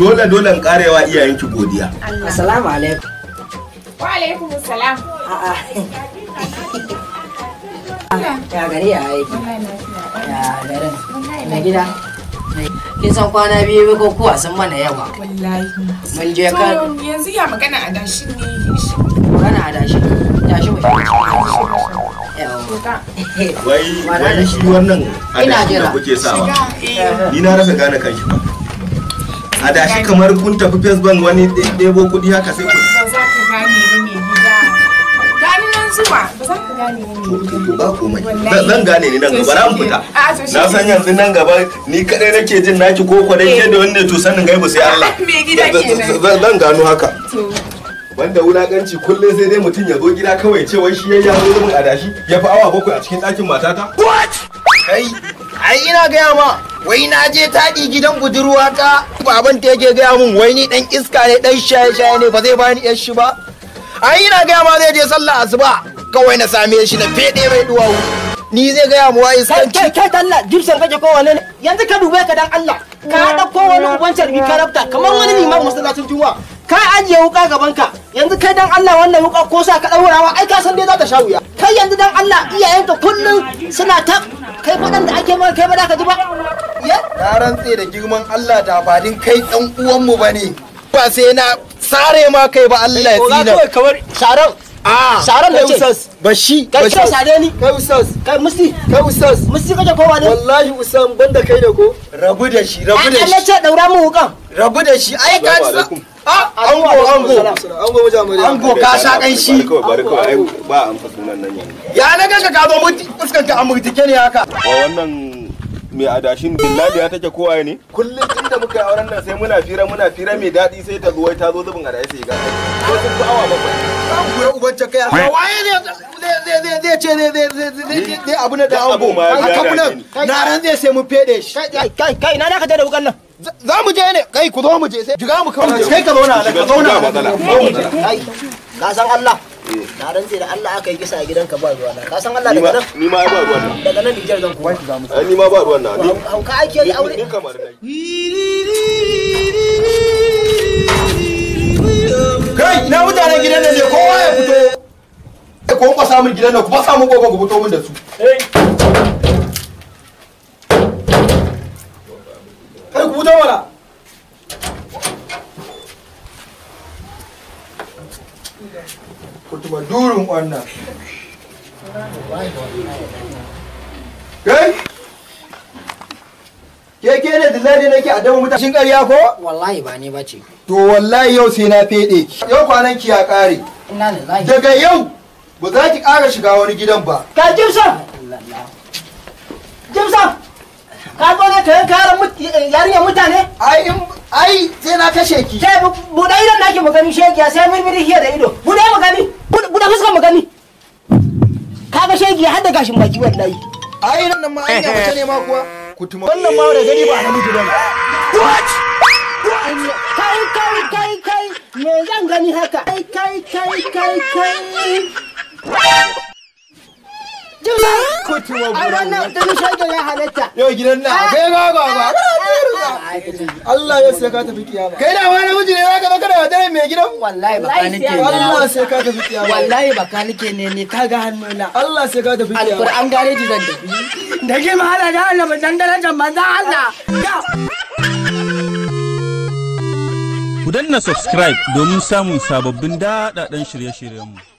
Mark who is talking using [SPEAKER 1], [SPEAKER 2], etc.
[SPEAKER 1] dole dole karewa iyayenki godiya
[SPEAKER 2] assalamu alaikum wa alaikum assalam ya gari ya aiki ya garin na gida kin san kwana biyu ko a sun mana yawa wallahi mun je kan yanzu ya magana a dashi ne magana a dashi dashi mu wai wai shi
[SPEAKER 1] wannan a da kuke sawa
[SPEAKER 2] eh. ni
[SPEAKER 1] na rasa gane kanshi ba a da shi kamar kun tafi facebook wani ɗebo kuɗi haka sai ku
[SPEAKER 2] ba za ka gane gida gani nan zuwa ba za ka
[SPEAKER 1] gane
[SPEAKER 2] komai zan gane ne nan gaba ran fita na san yanzu
[SPEAKER 1] nan gaba ni kadai nake jin naki ko ko dai eh. ke da wanda to sanin gaibu sai Allah zan gano haka banda wulakanci kulle sai dai mutum ya zo gida kawai cewa shi ya yawo zumin adashi ya fi awa bakwai a cikin ɗakin matata
[SPEAKER 2] what kai ai ina gaya ma wai na je taɗi gidan budurwa ta baban ta yake gaya mun wai ni dan iska ne dan shaye shaye ne ba zai bani yar shi ba ai ina gaya ma zai je sallah asuba kawai na same shi na fede mai duwawu ni zai gaya mu wai iskanci kai kai talla gibson kake ko wane ne yanzu ka dube ka dan Allah ka dauko wani uban carbi ka kamar wani limamin masallacin juma'a ka ajiye wuka gaban ka yanzu kai dan Allah wannan wuka ko sa ka daurawa ai ka san dai za ta sha wuya kai yanzu dan Allah iyayenka kullun suna ta kai faɗan da ake mawa kai ba ka ji ba na rantse da girman Allah da badin kai ɗan uwanmu ba ne ba sai na sare ma kai ba Allah ya eh, tsina kai kamar sharan ah, sharan da ce ba shi kai sai sare ni kai usas kai musti kai usas musti kaje kowa ne wallahi usan banda kai da ko rabu da shi rabu da shi Allah ce daura mu hukan rabu da shi ai ka ango ango ango ka sha kanshi ba
[SPEAKER 1] an fa sunan nan
[SPEAKER 2] ya na ga ka zo mutu fuskar ka amurtike ne haka wannan
[SPEAKER 1] mai adashin dillaliya take kowa ne kullum inda muka yi auren nan sai muna fira muna fira mai daɗi sai ta zuwa ta zo zubin adashi sai ga
[SPEAKER 2] ko sun fi awa bakwai an gura uban kai a waye ne zai ce ne zai abu na da ango a kamunan na ran zai sai mu fede shi kai na da ka da wukan nan za mu je ne kai ku zo mu je sai jiga mu kawai kai ka zauna ka zauna kai ka san Allah na rantse da Allah aka yi kisa a gidanka ba ruwa na ka san Allah daga nan
[SPEAKER 1] ni ma ba ruwan na. daga nan Niger zan kuma ni ma ba ruwan na
[SPEAKER 2] hauka ake yi aure kai na mutanen gidan nan ne kowa ya fito ko ba samu gidan nan ku ba samu gobe ku fito mun da su
[SPEAKER 1] kutuba durin wannan
[SPEAKER 2] kai ke ke ne dillali nake a dama mutashin ƙarya ko wallahi ba ne to wallahi yau sai na feɗe ki yau kwanan ki ya kare daga yau ba za ki ƙara shiga wani gidan ba ka jimsa jimsa ka zo ne ka yanka yarinyar mutane ai in ai sai na kashe ki sai buɗe da ake magani shegiya sai mirmiri hiya da ido buɗe magani buɗe fuskar magani kaga har da gashin baki wallahi ai nan ma an yi mace ne ma kuwa wannan ma da gani ba na miji what kai kai kai kai me zan gani haka kai kai kai kai kai Juma! Kutuma gudan. Ai wannan ɗin shaidon ya halatta. Yau gidan na, kai ga ba ah, ba. Allah ya sai ka tafi kiyama kai da wani miji ne zaka baka da wadare mai gidan wallahi baka nike ne Allah sai ka tafi kiyama wallahi baka nike ne ne ka ga hannuna Allah sai ka tafi kiyama alquran gare ji zan tafi da ke Allah da Allah ba dan darajar manzon Allah
[SPEAKER 1] ku danna subscribe domin samun sababbin daɗaɗɗen shirye-shiryenmu